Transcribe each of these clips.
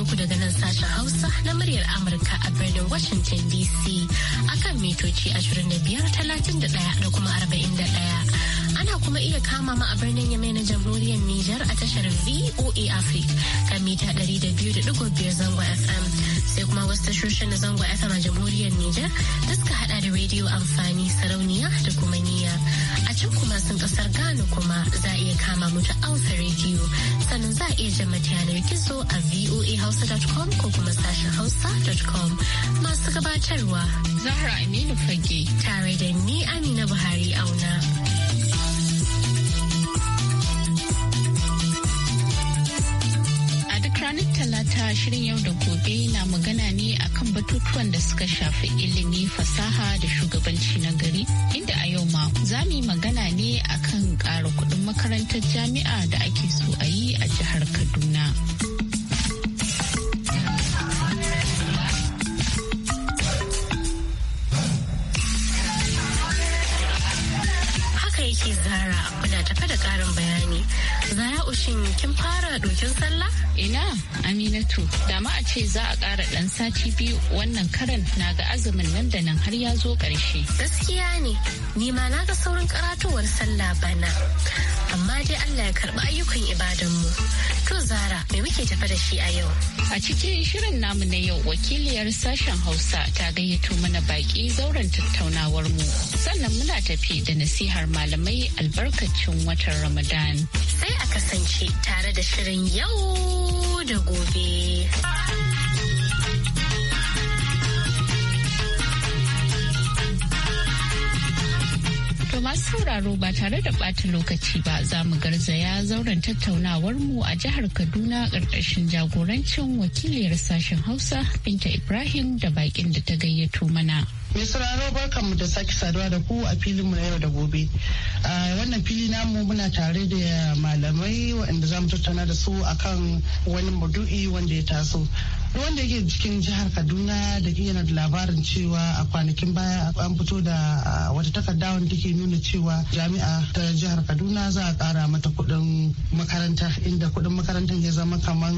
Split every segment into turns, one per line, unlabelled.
muku daga nan sashen Hausa na muryar Amurka a birnin Washington DC akan mitoci 25,31 da kuma 41. Ana kuma iya kama ma a birnin Yamai na jamhuriyar Nijar a tashar VOA Africa kan mita 200.5 zango FM. Sai kuma wasu tashoshin na zango FM a jamhuriyar Nijar da suka hada da rediyo amfani sarauniya da kuma can kuma sun kasar gano kuma za a iya kama mu ta Alpha Radio sannan za a iya jama ta yanar gizo a voahausa.com ko kuma sashen hausa.com masu gabatarwa Zahra Aminu Fage tare da ni Amina Buhari auna.
ranar talata shirin yau da gobe na magana ne akan batutuwan da suka shafi ilimi fasaha da shugabanci na gari inda a yau ma za mu yi magana ne akan kara kudin makarantar jami'a da ake so a yi a jihar kaduna haka yake zara tafe da ƙarin bayani. Zara'u Ushin kin fara dokin sallah? Ina Aminatu, da a ce za a ƙara ɗan sati biyu wannan karan na ga azumin nan da nan har ya zo ƙarshe. Gaskiya ne, ni ma na ga saurin karatuwar
sallah bana. Amma dai Allah ya karɓi ayyukan ibadan mu To Zara, me muke tafe da shi a yau?
A cikin shirin namu na yau wakiliyar sashen Hausa ta gayyato mana baƙi zauren tattaunawar mu. Sannan muna tafi da nasihar malamai albarkacin watan Ramadan. Sai a kasance tare da shirin yau da gobe. masu sauraro ba tare da ɓata lokaci ba za mu garzaya zauren tattaunawarmu a jihar Kaduna ƙarƙashin jagorancin wakiliyar sashen Hausa Binta Ibrahim da baƙin da ta gayyato mana.
mai sauraro barkanmu da sake saduwa da ku a filinmu na yau da gobe a wannan fili namu muna tare da malamai waɗanda za mu tattauna da su akan wani maudu'i wanda ya taso wanda yake cikin jihar kaduna da yana da labarin cewa a kwanakin baya an fito da ah, wata takarda wanda take nuna cewa jami'a ta jihar kaduna za a kara mata kuɗin makaranta inda kuɗin makarantar ya zama kamar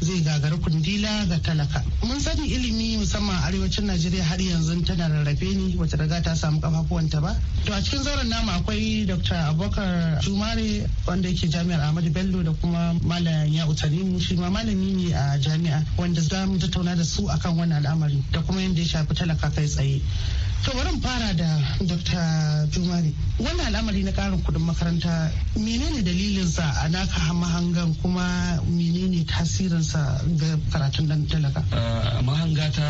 zai gagari kundila ga talaka mun sani ilimi musamman a arewacin najeriya har yanzu tana rarrafe ne wata riga ta samu kafafuwanta ba to a cikin zauren nama akwai dr abubakar jumare wanda yake jami'ar ahmadu bello da kuma malam ya utarimu shi ma malami ne a jami'a wanda za mu tattauna da su akan wannan al'amari da kuma yadda ya shafi talaka kai tsaye to bari fara da dr jumari wannan al'amari na karin kudin makaranta menene sa a naka mahangan kuma menene tasirinsa ga karatun dan talaka
mahanga ta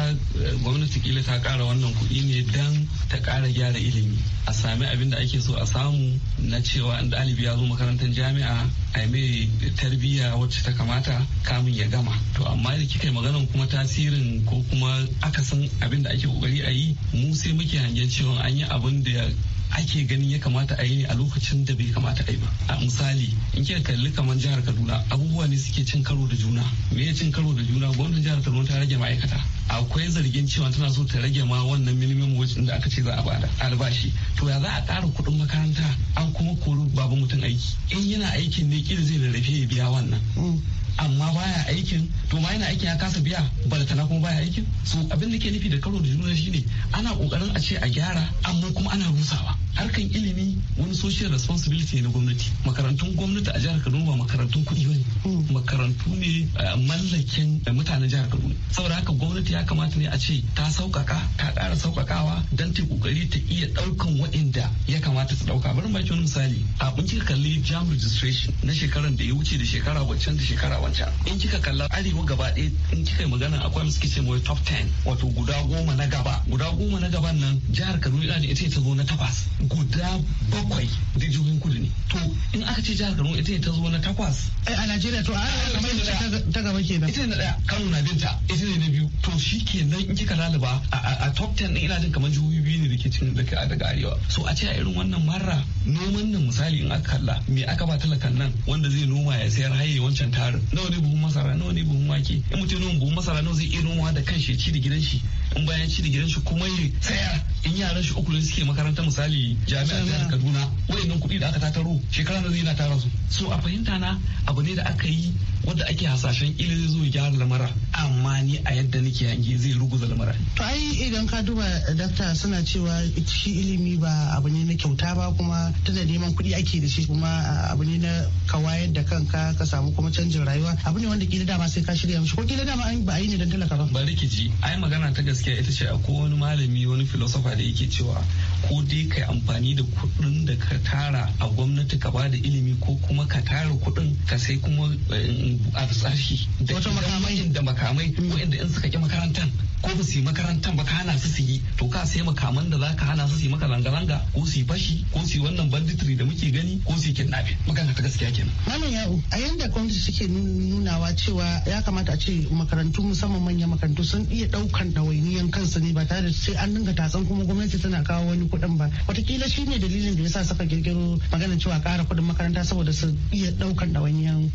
gwamnati kila ta kara wannan kuɗi ne dan ta kara gyara ilimi a sami abin da ake so a samu na cewa in ɗalibi ya zo makarantar jami'a a mai tarbiyya wacce ta kamata kamun ya gama to amma da kika yi maganan kuma tasirin ko kuma san abin da ake kokari a yi mu sai muke hangen cewa an yi abin da ake ganin ya kamata a yi ne a lokacin da bai kamata a yi ba a misali in kika kalli kamar jihar kaduna abubuwa ne suke cin karo da juna me ya cin karo da juna gwamnatin jihar kaduna ta rage ma'aikata akwai zargin cewa tana so ta rage ma wannan minimum wage da aka ce za a bada albashi to ya za a ƙara kuɗin makaranta an kuma kori babu mutum aiki in yana aikin ne kila zai rarrafe ya biya wannan mm. amma baya aikin to ma yana aiki ya kasa biya balatana kuma baya aikin so abin da ke nufi da karo da juna shi ne ana kokarin a ce a gyara amma kuma ana rusawa harkan ilimi wani social responsibility na gwamnati makarantun gwamnati a jihar Kaduna ba makarantun kuɗi bane makarantu ne mallakin mutanen jihar Kaduna saboda haka gwamnati ya kamata ne a ce ta sauƙaƙa ta ƙara sauƙaƙawa don ta kokari ta iya ɗaukan waɗanda ya kamata su ɗauka bari baki wani misali a in kika kalli jam registration na shekaran da ya wuce da shekara wancan da shekara wancan in kika kalla arewa zo gaba ɗaya in kika yi magana akwai wanda suke ce mai top 10 wato guda goma na gaba guda goma na gaban nan jihar Kaduna ita ita ta zo na takwas guda bakwai da jihohin kudu ne to in aka ce jihar Kaduna ita ta zo na takwas ai eh, a Najeriya to a kamar ita ta gaba kenan ita na ɗaya Kano na binta ita ne na biyu to shi ke nan in kika lalaba a top 10 ɗin ina jin kamar jihohi biyu ne da ke cin da ke daga arewa so a ce a irin wannan marra noman nan misali in aka kalla me aka ba talakan nan wanda zai noma ya sayar haye wancan tarin nawa ne buhun masara nawa ne buhun wake in mutum noma gumi masara nawa zai iya nomawa da ya ci da gidan shi in bayan ci da gidan shi kuma ya tsaya in yaran shi uku ne suke makaranta misali jami'a da Kaduna wayannan kuɗi da aka tataro shekara nawa zai na tara su so a fahimta na abu ne da aka yi wanda ake hasashen ila zai zo gyara lamara amma ni a yadda nake hange zai ruguza lamara
to ai idan ka duba dakta suna cewa shi ilimi ba abu ne na kyauta ba kuma tunda neman kuɗi ake da shi kuma abu ne na ka da kanka ka samu kuma canjin rayuwa abu ne wanda kila dama sai ka shirya mishi ko kila dama an ba yi ne don talaka ba.
Bari ki ji ai magana ta gaskiya ita ce ko wani malami wani filosofa da yake cewa ko dai kai amfani da kuɗin da ka tara a gwamnati ka ba da ilimi ko kuma ka tara kuɗin ka sai kuma eh, a tsashi da makamai da makamai wa'anda in suka ki makarantar ko ba su yi makarantar ba ka hana su su yi to ka sai makaman da za ka hana su su yi maka zanga-zanga ko su yi fashi ko su yi wannan banditiri da muke gani ko su yi kidnapping magana ta gaskiya kenan.
Malam Ya'u a yanda gwamnati suke nunawa cewa ya kamata a ce makarantu musamman manyan makarantu sun iya ɗaukan ɗawainiyan kansu ne ba tare da sai an dinga tatsan kuma gwamnati tana kawo wani kuɗin ba watakila shi ne dalilin da ya sa suka girgiro magana cewa ƙara kuɗin makaranta saboda su iya ɗaukan ɗawainiyan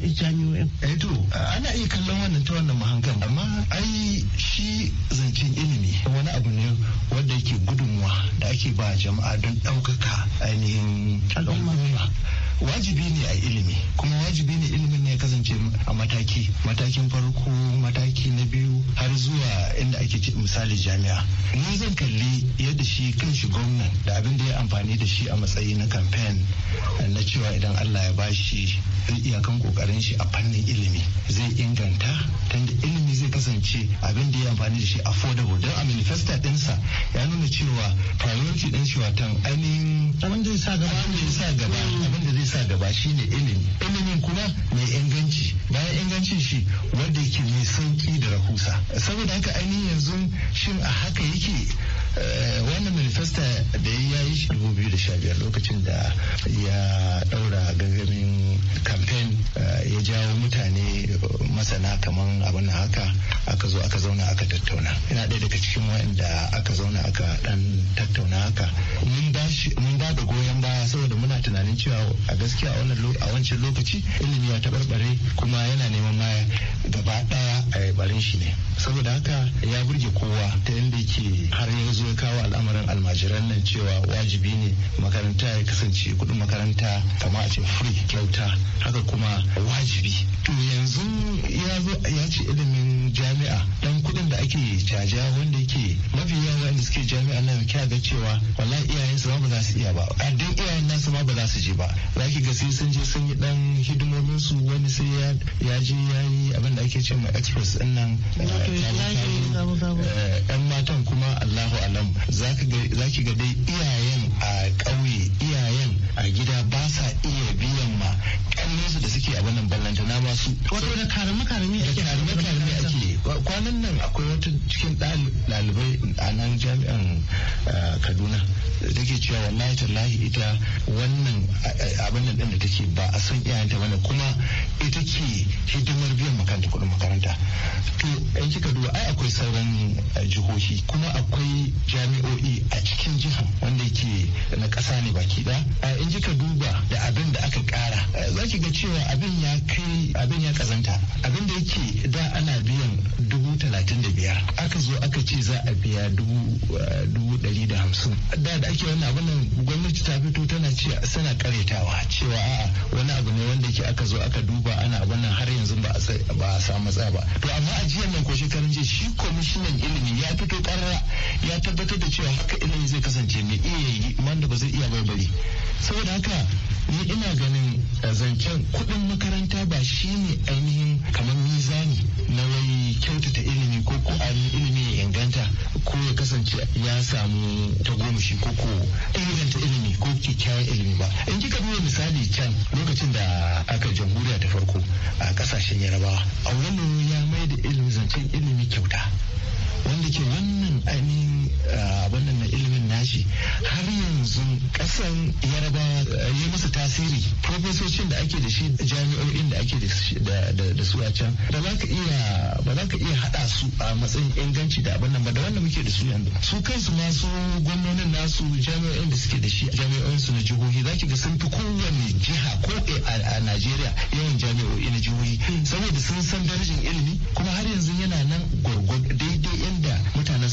jami'o'in. eh ana iya kallon wannan ta wannan mahangan amma ai shi zancen ilimi
wani abu ne wanda yake gudunmuwa da ake ba jama'a don ɗaukaka ainihin al'umma wajibi ne a ilimi kuma wajibi ne ilimin ne ya kasance a mataki matakin farko mataki na biyu har zuwa inda ake misali jami'a ni zan kalli yadda shi kan shi gwamnan da abin da ya amfani da shi a matsayi na kamfen na cewa idan Allah ya bashi zai kan kokarin shi a fannin ilimi zai inganta da ilimi zai kasance abin da ya amfani da shi affordable don a manifesta dinsa ya nuna cewa priority din shi watan ainihin abin da zai sa gaba hmm. abin da zai sa gaba abin da ilimi ilimin kuma mai inganci bayan ingancin shi wanda yake mai sauki da rahusa saboda haka ainihin yanzu shin a haka yake Eh, wannan manifesta da ya yi shi 2015 lokacin da ya daura gangamin kamfen eh, ya jawo mutane eh, masana kamar abin haka aka zo aka zauna aka tattauna ina ɗaya daga cikin waɗanda aka zauna aka ɗan tattauna haka mun ba da goyon baya saboda muna tunanin cewa a gaskiya a wancan lokaci ilimi ya taɓarɓare kuma yana neman ma gaba ɗaya a barin shi ne saboda haka ya burge kowa ta yadda ke har ya zo ya kawo al'amarin almajiran nan cewa wajibi ne makaranta ya kasance kuɗin makaranta kama a ce free kyauta haka kuma wajibi to yanzu ya zo ya ce ilimin jami'a jami'a dan kuɗin da ake caja wanda yake mafi yawa da suke jami'a na kya ga cewa wallahi iyayen su ba za su iya ba dan iyayen nasu ma ba za su je ba za ki ga sai sun je sun yi dan hidimomin su wani sai ya je ya yi abin da ake cewa express din nan eh, yan matan kuma Allahu alam za ki ga dai iyayen a ƙauye iyayen a gida ba sa iya biyan ma kallon su da suke abin nan ballantana ba su wato da karami karami ake karami kwanan nan akwai wata cikin ɗalibai a nan jami'an eh, kaduna take cewa wallahi tallahi ita wannan eh, abin nan din da take ba a san ta bane kuma ita ke hidimar biyan makaranta kudin makaranta to in kika duba ai akwai sauran eh, jihohi kuma akwai jami'o'i a cikin jiha wanda ke na ƙasa ne baki da in kika duba da abin da aka ƙara eh, za ki ga cewa abin ya kai abin ya kazanta abin da yake da ana biyan dubu talatin da biyar aka zo aka ce za a biya dubu ɗari da hamsin da da ake wannan abin nan gwamnati ta fito tana ce sana karetawa cewa a'a wani abu ne wanda ke aka zo aka duba ana abin nan har yanzu ba a samu matsa ba to amma a jiya nan ko shekarun jiya shi kwamishinan ilimi ya fito karara ya tabbatar da cewa haka ilimi zai kasance mai iya yi wanda ba zai iya barbari saboda haka ni ina ganin eh, zancen kuɗin makaranta ba shi ne ainihin kamar mizani na wai kyautata ilimi ko ko ilimi ya inganta ko ya kasance ya samu tagomashi ko ko inganta ilimi ko kyakkyawan ilimi ba in kika duba misali can lokacin da aka jamhuriya ta farko a kasashen yarabawa a wani ya mai da ilimi zancen ilimi kyauta wanda ke wannan ainihin eh, abin na ilimin nashi har yanzu kasan yarabawa eh, ya masa tasiri profesocin da ake da shi jami'o'in da ake da su a can ba za ka iya ba haɗa su a matsayin inganci da abin nan ba da wanda muke da su yanzu su kansu masu gwamnonin nasu jami'o'in da suke da shi jami'o'in su na jihohi za ki ga sun fi kowane jiha ko a Najeriya yawan jami'o'i na jihohi saboda sun san darajar ilimi kuma har yanzu yana nan gwargwar daidai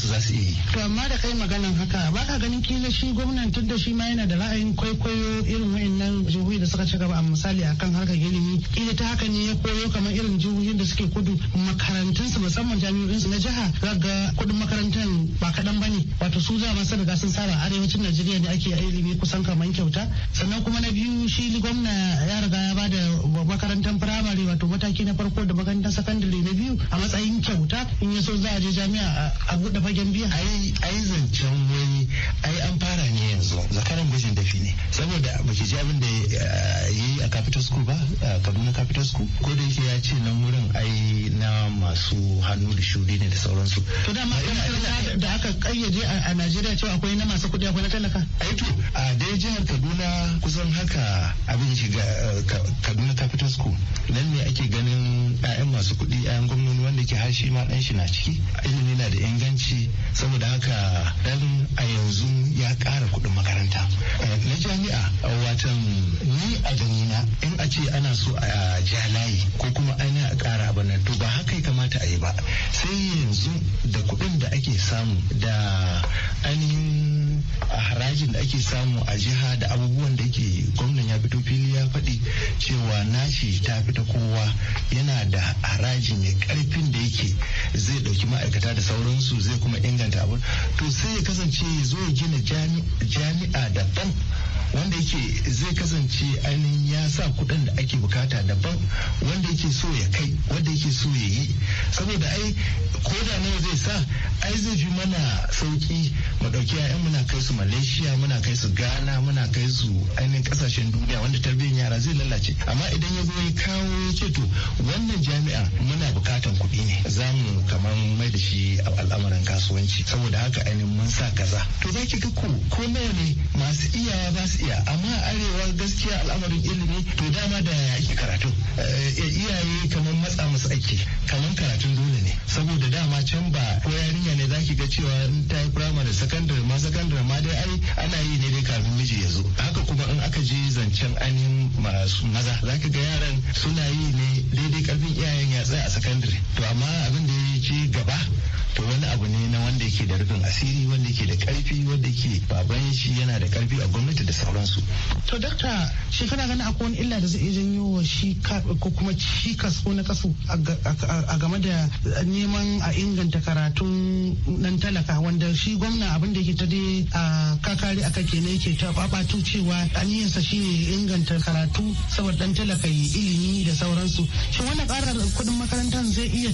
su za su yi. To amma da kai maganan haka ba ka ganin kila shi gwamnan tun da shi ma yana da ra'ayin kwaikwayo irin wayannan jihohi da suka ci gaba a misali akan harkar ilimi kila ta haka ne ya koyo kamar irin jihohin da suke kudu makarantun su musamman su na jiha ga kudin makarantar ba kaɗan ba ne wato su za masu riga sun tsara arewacin Najeriya ne ake ilimi kusan kamar kyauta sannan kuma na biyu shi gwamna ya riga ya bada makarantar firamare wato mataki na farko da makarantar sakandare na biyu a matsayin kyauta in ya so za a je jami'a a buɗe fagen biya ai ai zancen wani ai an fara ne yanzu zakaran gwajin dafi ne saboda baki
ji abin da eh, yi a capital school ba kaduna capital school ko da yake ya ce nan wurin ai na masu hannu da shuri ne da sauransu
to da ma da aka kayyade a Najeriya cewa akwai na masu kuɗi akwai na talaka ai to a dai jihar Kaduna kusan
haka abin shiga eh, Kaduna capital school nan ne ake ganin ayan masu kuɗi ayan gwamnati ciki har shi ma dan shi na ciki ilimi na da inganci saboda haka dan a yanzu ya ƙara kuɗin makaranta eh, na jami'a watan ni a ganina in a ce ana so a ja layi ko kuma ana ƙara bana to ba haka ya kamata a yi ba sai yanzu da kuɗin da ake samu da a harajin da ake samu a jiha da abubuwan da ke gwamnan ya fito fili ya faɗi cewa nashi ta fita kowa yana da harajin mai ƙarfin da yake zai dauki ma'aikata da sauransu zai kuma inganta abu to sai ya kasance ya zo ya gina jami'a daban wanda yake zai kasance ainihin ya sa kuɗin da ake bukata daban wanda yake so ya kai wanda yake so ya yi saboda ai ko da nawa zai sa ai zai fi mana sauki mu yayan muna kai su malaysia muna kai su ghana muna kai su ainihin kasashen duniya wanda tarbiyyar yara zai lalace amma idan ya zo ya kawo ya ce to wannan jami'a muna bukatan kuɗi kuɗi ne za mu kamar mai da shi a al'amuran kasuwanci saboda haka ainihin mun sa kaza to za ki ga ku ko nawa ne masu iyawa ba su iya amma arewa gaskiya al'amarin ilimi to dama da ya ake karatu eh, eh, iyaye kamar matsa musu ake kamar karatun dole ne saboda dama can ba ko yarinya ne za ki ga cewa in ta yi firamare sakandare ma sakandare ma dai ai ana yi ne dai kafin miji ya zo haka kuma in aka je zancen ainihin masu maza za ki ga yaran suna yi ne daidai karfin iyayen ya tsaya a sakandare to amma abin da ya ci gaba to wani abu ne na wanda yake da rufin asiri wanda yake da karfi wanda yake baban shi yana da karfi a gwamnati da sauransu
to dakta shi kana gani akwai wani illa da zai janyo wa shi ko kuma shi ko na kasu a game da neman a inganta karatun nan talaka wanda shi gwamna abin da yake ta dai a kakari kake kenan yake ta babatu cewa aniyansa shi ne inganta karatu saboda dan talaka ilimi da sauransu shin wannan karar kudin makarantar zai iya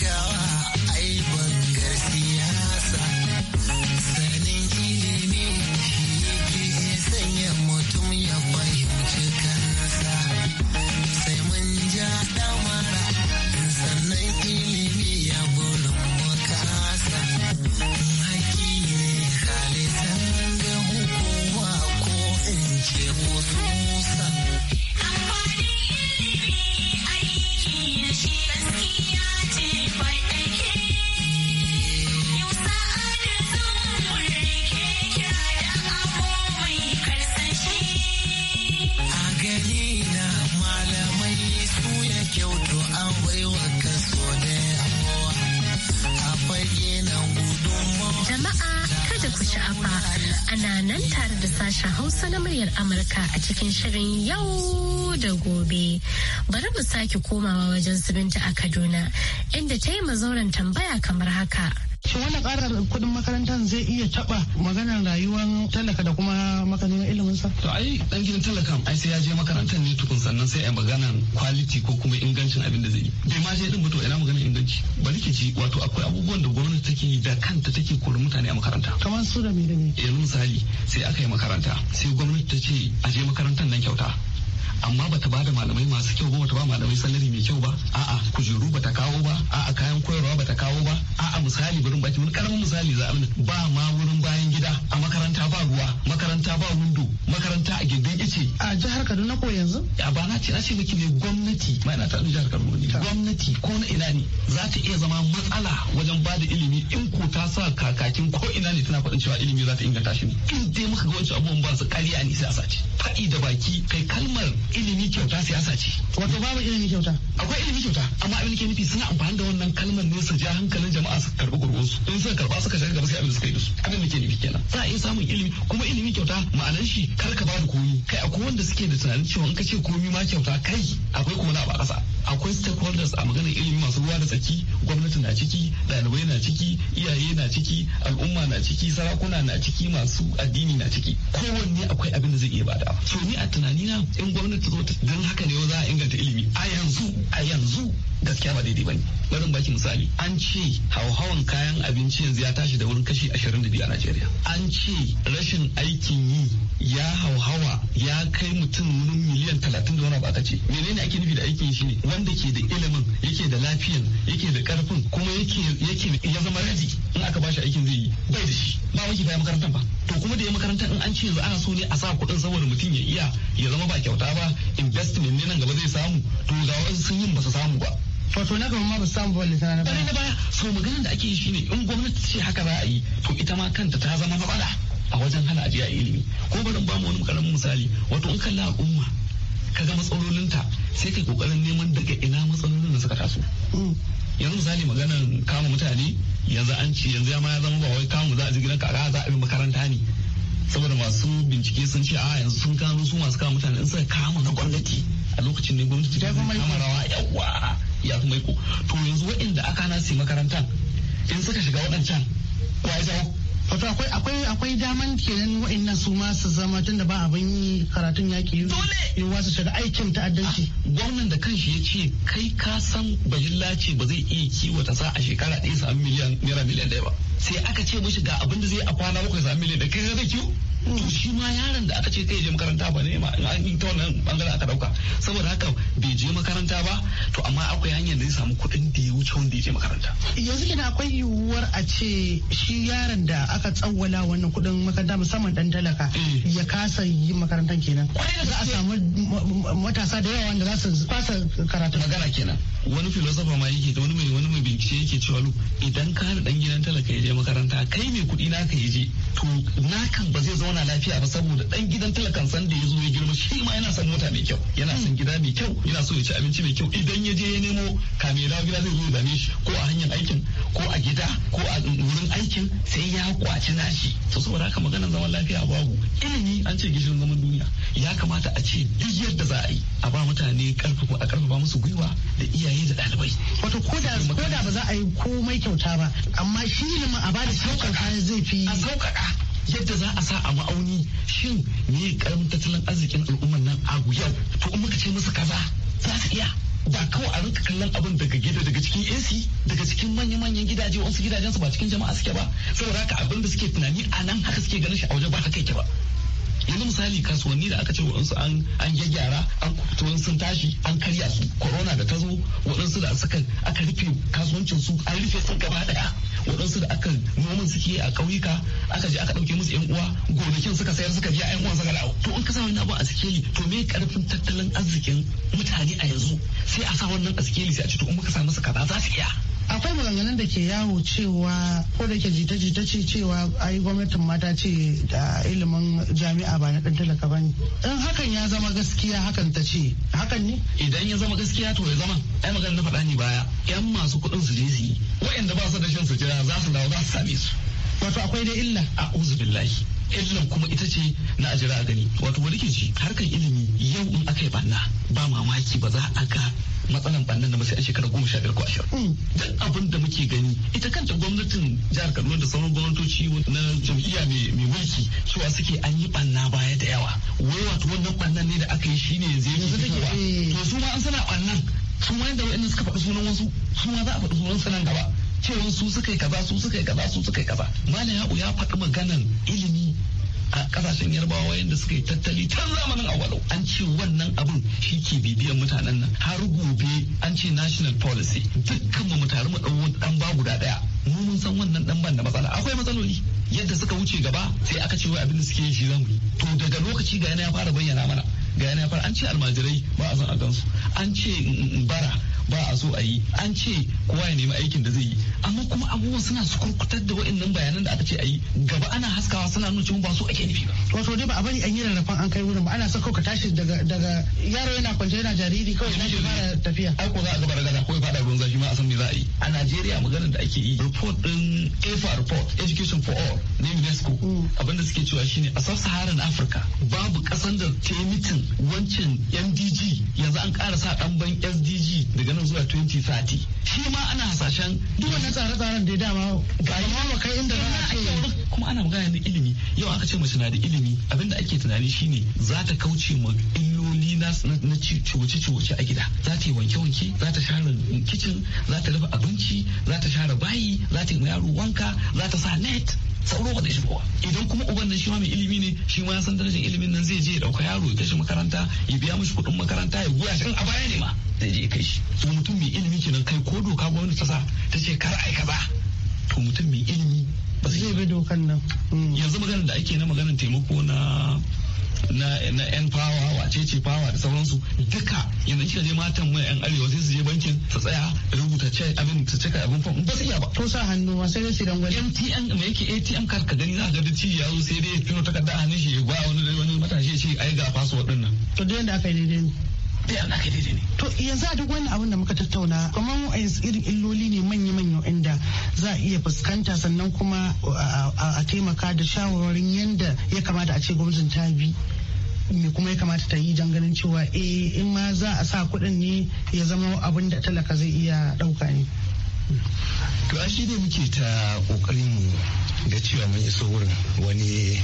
Girl.
cikin shirin yau da gobe. Bari mu sake komawa wajen zubinta a Kaduna, inda ta yi mazauran tambaya kamar haka.
shin wannan karar kudin makarantar zai iya taba maganar rayuwar talaka da kuma makarantar ilimin sa
to ai dan gidan talaka ai sai ya je makarantar ne tukun sannan sai ai maganar quality ko kuma ingancin abin da zai yi bai ma je din mutu ina maganar inganci bari ke ji wato akwai abubuwan da gwamnati take yi da kanta take kore mutane a makaranta kamar su da me da me yanzu misali sai aka yi makaranta sai gwamnati ta ce a je makarantar nan kyauta amma bata ba da malamai masu kyau ba bata ba malamai salari mai kyau ba a'a kujeru bata kawo ba a'a kayan koyarwa bata kawo ba a'a misali gurin baki wani karamin misali za ba ma wurin bayan gida a makaranta ba ruwa makaranta ba windo makaranta a gindin ice a jihar Kaduna ko yanzu a ba na ce na ce miki ne gwamnati ma ina ta jihar Kaduna ne gwamnati ko na ina ne za ta iya zama matsala wajen ba da ilimi in ko ta sa kakakin ko ina ne tana faɗin cewa ilimi za ta inganta shi ne. in dai muka ga wancan abubuwan ba su ƙarya ne sai a faɗi da baki kai kalmar ilimi kyauta siyasa ce wato babu ilimi kyauta akwai ilimi kyauta amma abin da ke nufi suna amfani da wannan kalmar ne su ja hankalin jama'a su karbi gurgunsu. su in suka karba suka shiga gaba sai abin suka yi su abin da ke nufi kenan za iya samun ilimi kuma ilimi kyauta ma'anar shi kar ka ba da komi kai akwai wanda suke da tunanin cewa in ka ce komi ma kyauta kai akwai kuma na ba kasa akwai stakeholders a maganar ilimi masu ruwa da tsaki gwamnati na ciki ɗalibai na ciki iyaye na ciki al'umma na ciki sarakuna na ciki masu addini na ciki kowanne akwai abin da zai iya bada so ni a na in gwamnati zo ta don haka ne za a inganta ilimi a yanzu a yanzu gaskiya ba daidai bane barin baki misali an ce hauhawan kayan abinci yanzu ya tashi da wurin kashi 22 a Najeriya an ce rashin aikin yi ya hauhawa ya kai mutum wurin miliyan 30 da wani ba ka ce menene ake nufi da aikin shi ne wanda ke da ilimin yake da lafiyan yake da karfin kuma yake yake ya zama raji in aka bashi aikin zai yi bai da shi ba wani bayan makarantar ba to kuma da ya makaranta in an ce yanzu ana so ne a sa kuɗin saboda mutum ya iya ya zama ba kyauta ba investment ne nan gaba zai samu to ga wasu sun yi ba su samu ba
wato na gaba ma ba samu ba lissana na baya ba so maganar da ake yi shine in gwamnati ce
haka za a yi to ita ma kanta ta zama matsala a wajen hana ajiya ilimi ko bari ba mu wani karamin misali wato in kalla al'umma ka ga matsalolinta sai ka kokarin neman daga ina matsalolin da suka taso yanzu misali maganar kama mutane yanzu an ce yanzu ya ma ya zama ba wai kama za a ji gidanka a za a bi makaranta ne saboda masu bincike sun ce a yanzu sun gano su masu kama mutane in suka kama na gwamnati a lokacin ne gwamnati ta kama rawa yawa ya kuma iko to yanzu waɗanda aka na su makaranta in suka shiga waɗancan ko ya zama
Wato akwai akwai akwai daman kenan wa'annan su ma su zama tunda ba abin yi karatun yaki yiwuwa su shiga aikin ta'addanci. Ah, gwamnan da kanshi ya ce kai
ka san bajilla ce ba zai iya kiwata sa a shekara ɗaya sa miliyan naira miliyan ɗaya ba. Sai aka ce mishi ga abin da zai a kwana bakwai sa miliyan da kai zai kiwo. Hmm. to shi ma yaron da aka ce kai je makaranta ba ne ma ta wannan bangaren aka dauka saboda haka bai je makaranta ba to amma akwai hanyar da zai samu kuɗin da ya wuce wanda ya je makaranta
yanzu kina akwai yiwuwar a ce shi yaron da aka tsawwala wannan kuɗin makaranta musamman dan talaka eh. ya kasa yi makarantar kenan za a samu matasa da yawa wanda za su fasa karatu magana kenan
wani filosofa ma yake da wani mai wani mai bincike yake cewa lu idan ka da dan gidan talaka ya je makaranta kai mai kuɗi naka ya je to na kan ba zai zauna lafiya ba saboda dan gidan talakan san da ya zo ya girma shi ma yana son mota mai kyau yana san gida mai kyau yana so ya ci abinci mai kyau idan ya je ya nemo kamin ya gida zai zo ya dame shi ko a hanyar aikin ko a gida ko a wurin aikin sai ya kwaci nashi to saboda haka maganar zaman lafiya babu ilimi an ce gishirin zaman duniya ya kamata a ce duk yadda za a yi a ba mutane karfafa a karfafa musu gwiwa da iya yin da ɗalibai.
Wato ko da ba za a yi komai kyauta ba amma shi ma a ba da
sauƙaƙa zai fi. A saukaka yadda za a sa a ma'auni shin ne karamin tattalin arzikin al'ummar nan a yau to in muka ce musu kaza za su iya ba kawai a rinka kallon abin daga gida daga cikin AC daga cikin manya-manyan gidaje wasu gidajen su ba cikin jama'a suke ba saboda haka abin da suke tunani a nan haka suke ganin shi a waje ba haka yake ba yanzu misali kasuwanni da aka ce waɗansu an an gyaggyara an kuɓuta sun tashi an karya su corona da ta zo waɗansu da suka aka rufe kasuwancin su an rufe sun gaba daya waɗansu da aka noman suke a ƙauyuka aka je aka ɗauke musu yan uwa gonakin suka sayar suka biya yan uwan suka dawo to in ka sa wannan abu a sikeli to me karfin tattalin arzikin mutane a yanzu sai a sa wannan a sikeli sai a ce to in muka sa masa kaza za su iya
akwai maganganun da ke yawo cewa ko da ke jita-jita ce cewa ayi gwamnatin mata ce da ilimin jami'a ba na talaka ba ne in hakan ya zama gaskiya hakan ta ce hakan ne
idan ya zama gaskiya to ya zama ai maganar na faɗa ni baya yan masu kuɗin su je su yi waɗanda ba su da shan su jira za su dawo za su same su wato akwai da illa a billahi illan kuma ita ce na ajira gani wato wani ke ji harkar ilimi yau in aka yi banna ba mamaki ba za a ga matsalan bannan da masu yan shekara goma sha biyar ko ashirin. Hmm. Duk abin da muke gani ita kanta gwamnatin jihar Kaduna da sauran gwamnatoci na jam'iyya mai mulki cewa suke an yi banna baya da yawa. Wai wato wannan bannan ne da aka yi shine yanzu yake fitowa. Eh. To su ma an sana bannan su ma yadda wa'annan suka faɗi sunan wasu su ma za a faɗi sunan sanan gaba. Cewa su suka yi kaza su suka yi kaza su suka yi kaza. Malam Ya'u ya faɗi maganan ilimi a kasashen yarbawa yadda suka yi tattali tun zamanin awalau an ce wannan abin shi ke bibiyan mutanen nan har gobe an ce national policy dukkan mu tare mu dan ba guda daya mu mun san wannan dan ban da matsala akwai matsaloli yadda suka wuce gaba sai aka ce wai abin da suke shi zamu yi to daga lokaci ga yana ya fara bayyana mana ga yana ya fara an ce almajirai ba a san a gansu an ce bara ba a so a yi an ce kowa ya nemi aikin da zai yi amma kuma abubuwan suna su nan bayanan da aka ce ayi gaba ana haskawa suna nuna cewa ba su ake nufi ba wato dai ba a bari an yi rarrafan an kai
wurin ba ana sako ka tashi daga daga yaro yana kwance yana jariri kawai na fara tafiya ai
ko za a gaba ragada ko ya fada ruwan zafi ma a san me za a yi a Najeriya maganar da ake yi report din EFA report education for all ne UNESCO mm. abinda suke cewa shine a sub-Saharan Africa babu kasan da ta mitin wancan MDG yanzu an ƙara sa ban SDG daga nan zuwa 2030 shi ma ana hasashen duk wannan tsare-tsaren da dama ga yawa kai inda za a ce kuma ana magana na ilimi yau aka ce mace na da ilimi abinda ake tunani shine za ta kauce ma illoli na ciwoce-ciwoce a gida za ta wanke-wanke za ta share kicin za ta dafa abinci za ta share bayi za ta yi yaro wanka za ta sa net sauro ba zai shigo idan kuma uban nan shi ma mai ilimi ne shi ma ya san darajar ilimin nan zai je ya dauka yaro ya tashi makaranta ya biya mishi kuɗin makaranta ya goya shi a baya ne ma da je kai shi to mutum mai ilimi kenan kai ko doka gwamnati ta sa ta ce kar ai kaza to mutum mai ilimi ba zai bi dokan nan hmm. yanzu maganar da ake na maganar taimako na na na yan fawa wace ce fawa da sauransu duka yanzu kika je matan mai yan arewa sai su je bankin ta tsaya rubuta ce abin ta cika abin fam ba su iya ba to sa hannu ma sai su dan MTN me yake ATM card ka gani za ka ga ci ya zo sai dai ya tuno takarda a hannun shi ya ba wani wani matashi ya ce ai ga password din nan
to duk yanda aka yi daidai Allah ka daidai ne. To yanzu a duk wani abin da muka tattauna kamar irin illoli ne manya-manya inda za a iya fuskanta sannan kuma a taimaka da shawarwarin yanda ya kamata a ce gwamnatin ta bi me kuma ya kamata ta yi ganin cewa eh in ma za a sa kuɗin ne ya zama abin da talaka zai iya ɗauka ne.
To a shi ne muke ta ƙoƙarin mu ga cewa mun iso wurin wani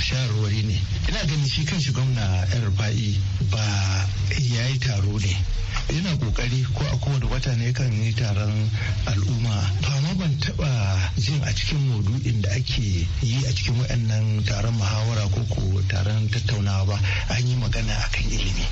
shawarwari ne ina ganin shi kan shi gwamna yan rufa'i ba ya yi taro ne yana kokari ko a kowane wata ne kan yi taron al'umma to amma ban taba jin a cikin maudu'in da ake yi a cikin waɗannan taron muhawara ko ko taron tattaunawa ba an yi magana akan ilimi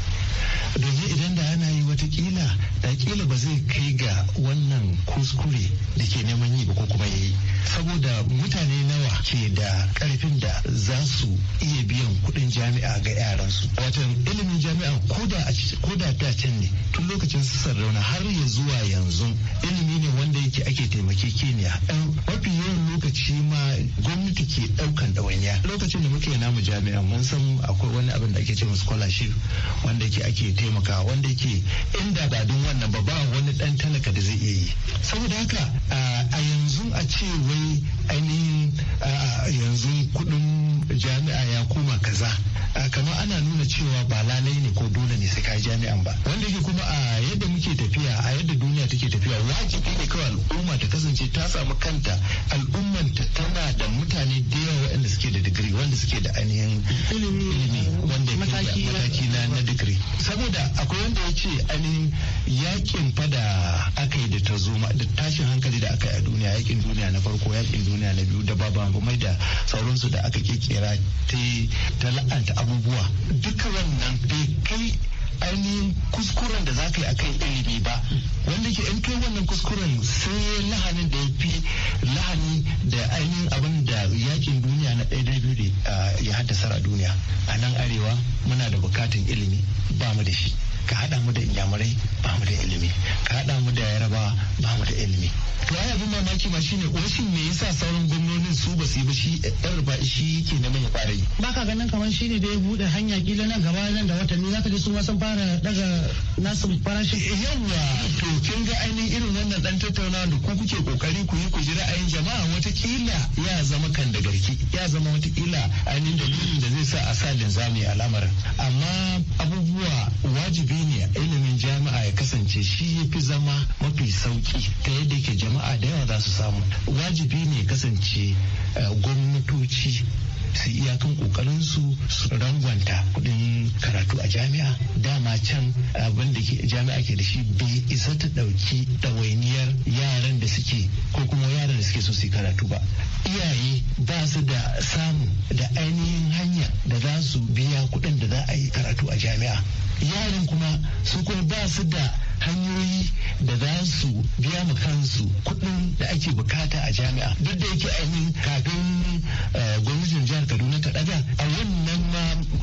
domin idan da ana yi watakila kila ba zai kai ga wannan kuskure da ke neman yi ba ko kuma yi saboda mutane nawa ke da karfin da za su iya biyan kudin jami'a ga yaransu watan ilimin jami'a ko da ta can ne tun lokacin su sarrauna har ya zuwa yanzu ilimi ne wanda yake ake taimake keniya mafi yawan lokaci ma gwamnati ke daukan ɗawainiya lokacin da muke namu jami'a mun san akwai wani abin da ake ce scholarship wanda ke ake taimaka wanda yake inda ba don wannan ba ba wani dan talaka da zai iya yi saboda haka a yanzu a ce wai ainihin yanzu kudin jami'a ya koma kaza kamar ana nuna cewa ba lalai ne ko dole ne sai ka jami'an ba wanda yake kuma a yadda muke tafiya a yadda duniya take tafiya wajibi ne kawai al'umma ta kasance ta samu kanta al'umman ta tana da mutane da yawa waɗanda suke da digiri wanda suke da ainihin ilimi wanda ke da mataki na digiri saboda akwai wanda ya ce ainihin yakin fada aka yi da tazoma da tashin hankali da aka yi a duniya yakin duniya na farko yakin duniya duniya na biyu da mai da sauransu da aka kekera ta la'anta abubuwa duka wannan bai kai ainihin kuskuren da za ka yi kan ilimi ba wanda ke in kai wannan kuskuren sai lahanin da ya fi lahani da ainihin abin da yakin duniya na ɗaya da biyu da ya haddasa a duniya a nan arewa muna da bukatun ilimi ba mu da shi ka haɗa mu da inyamurai ba mu da ilimi ka haɗa mu da yarabawa ba mu da ilimi to ai abin ma mamaki ma shine rashin me yasa sauran gwamnonin su ba su yi ba shi yan eh, rufa shi yake na mai kwarai
ba ka ganin kamar shi da ya bude hanya kila nan gaba nan da watanni zaka ji su ma sun fara daga nasu farashin eh, yawa to kin ga ainihin irin wannan dan tattaunawa da ku kuke kokari ku yi ku ji ra'ayin jama'a wata kila
ya zama kan da garki ya zama wata kila ainihin dalilin da zai sa a sa linzami al'amarin amma abubuwa wajibi ne ilimin jama'a ya kasance shi ya fi zama mafi sauki ta yadda ke jama'a da yawa za su samu wajibi ne kasance eh, gwamnatoci su iyakan kokarin su su rangwanta kudin karatu a jami'a dama can abin da jami'a ke da shi bai isa ta dauki ɗawainiyar yaran da suke ko kuma yaran da suke so su karatu ba iyaye ba su da samu da ainihin hanya da za su biya kudin da za a yi karatu a jami'a yaran kuma su kuma ba su da hanyoyi da za su biya mu kansu kuɗin da ake bukata a jami'a duk da yake ainihin kafin eh, gwamnatin jihar kaduna ta ɗaga a wannan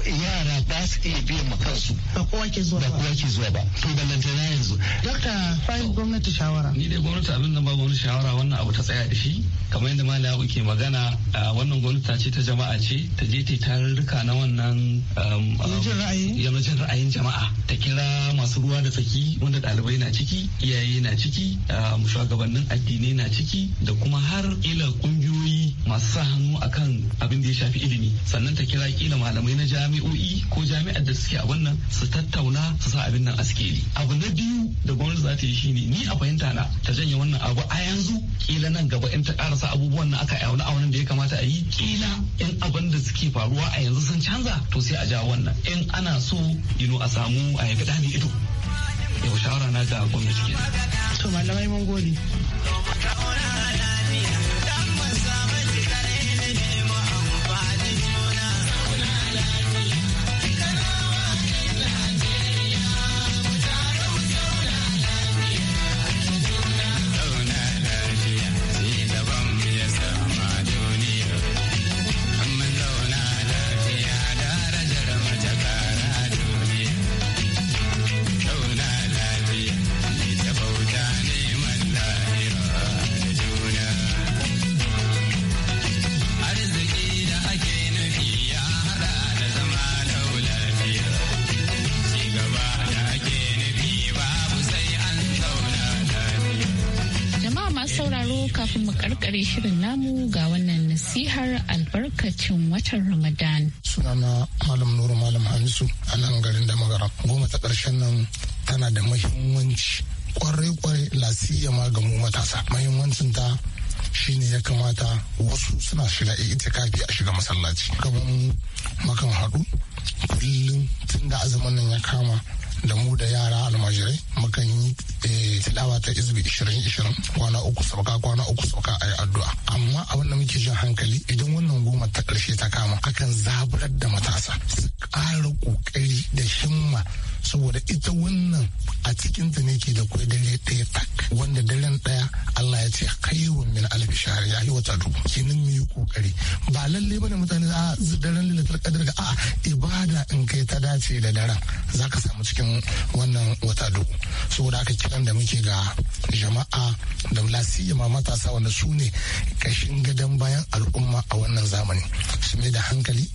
yara ba su iya biyan ma kansu ba kowa ke zuwa ba kowa ke zuwa ba to ballantana
yanzu dokta fayin gwamnati shawara ni dai gwamnati abin da ba gwamnati shawara wannan abu ta tsaya da shi kamar yadda malaya ke magana wannan gwamnati ta ce ta jama'a ce ta je ta tarurruka na wannan um, um, yammacin ra'ayin jama'a ta kira masu ruwa da tsaki wanda ɗalibai na ciki iyaye na ciki um, shugabannin addinai na ciki da kuma har ila ƙungiyoyi masu sa hannu akan abin da ya shafi ilimi sannan ta kira kila malamai na jami'a jami'o'i ko jami'ar da suke a wannan su tattauna su sa abin nan a sikeli abu na biyu da gwamnati za ta yi shine ni a fahimta na ta janye wannan abu a yanzu kila nan gaba in ta karasa abubuwan nan aka auna a da ya kamata a yi kila in abin da suke faruwa a yanzu sun canza to sai a jawo wannan in ana so yino a samu a haifi ɗani ido yau shawara na ga gwamnati kenan.
to malamai mun gode.
rufe shirin namu ga wannan nasihar albarkacin watan Ramadan. Sunana
Malam Nuru Malam Hamisu a nan garin da magara. Goma ta ƙarshen nan tana da mahimmanci kwarai-kwarai lasiya ma ga mu matasa. Mahimmancin ta shine ya kamata wasu suna shiga itikafi a shiga masallaci. Kamar makan haɗu kullum tun da azumin nan ya kama da mu da yara almajirai mukan yi eh, tilawa ta izbi 20-20 kwana uku sauka kwana uku sauka a yi addu'a amma abin da muke jin hankali idan wannan goma ta ƙarshe ta kama akan zaburar da matasa su ƙara ƙoƙari da himma saboda ita wannan a cikin ta ne ke da kwai dare ɗaya tak wanda daren ɗaya Allah ya ce kai wa min albishari ya yi wata dubu kenan mu yi kokari ba lalle bane mutane a daren lailatul kadar ga a ibada in kai ta dace da daren Za ka samu cikin wannan wata dubu saboda aka kiran da muke ga jama'a da lasiyama matasa wanda su ne kashin gadon bayan al'umma a wannan zamani su mai da hankali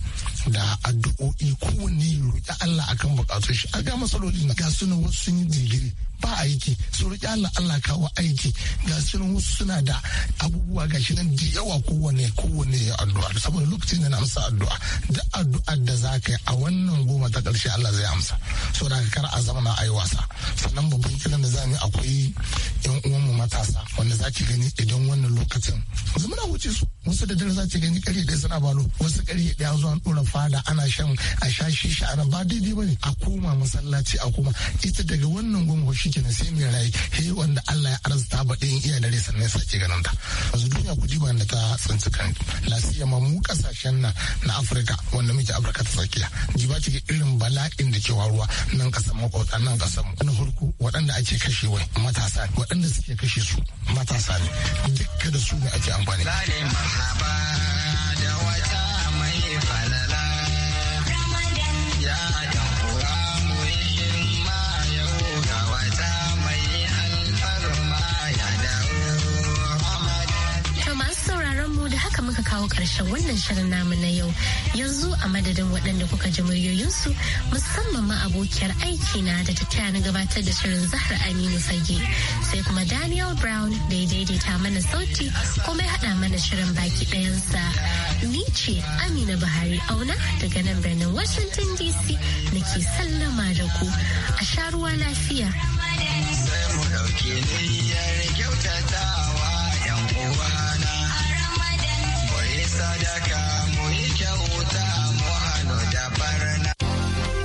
da addu'o'i kowanne ya roƙi Allah akan bukatun shi a ga matsalolin ga suna wasu sun yi digiri ba aiki su roƙi Allah Allah kawo aiki ga suna wasu suna da abubuwa ga shi nan da yawa kowane kowane ya addu'a saboda lokacin da na amsa addu'a da addu'a da za ka yi a wannan goma ta ƙarshe Allah zai amsa so da kar a zama na ai wasa sannan babban kiran da za mu akwai yan uwanmu matasa wanda za ki gani idan wannan lokacin zama na wuce su wasu da dare za ki gani ƙarfe da suna balo wasu ya ɗaya zuwa ɗora fada ana shan a sha shi ana ba daidai bane a koma masallaci a koma ita daga wannan gungo shi kenan sai mai rai he wanda Allah ya arzuta ba din iya dare sannan sake ganin ta yanzu duniya ku ji da ta tsinci kan lasiya ma mu kasashen na na Afirka wanda muke Afirka ta tsakiya jiba ce irin bala'in da ke waruwa nan kasan makwauta nan kasan na hurku waɗanda ake wai matasa waɗanda suke kashe su matasa ne dukka da su ne ake amfani.
da wata haka muka kawo ƙarshen wannan shirin namu na yau yanzu a madadin waɗanda kuka ji muryoyinsu musamman ma abokiyar aiki na da tattaya na gabatar da shirin zahar aminu fage sai kuma daniel brown da ya daidaita mana sauti kuma ya haɗa mana shirin baki ɗayansa ni ce amina buhari auna daga nan birnin washington dc na ke sallama da ku a sha ruwa lafiya. Sai
got.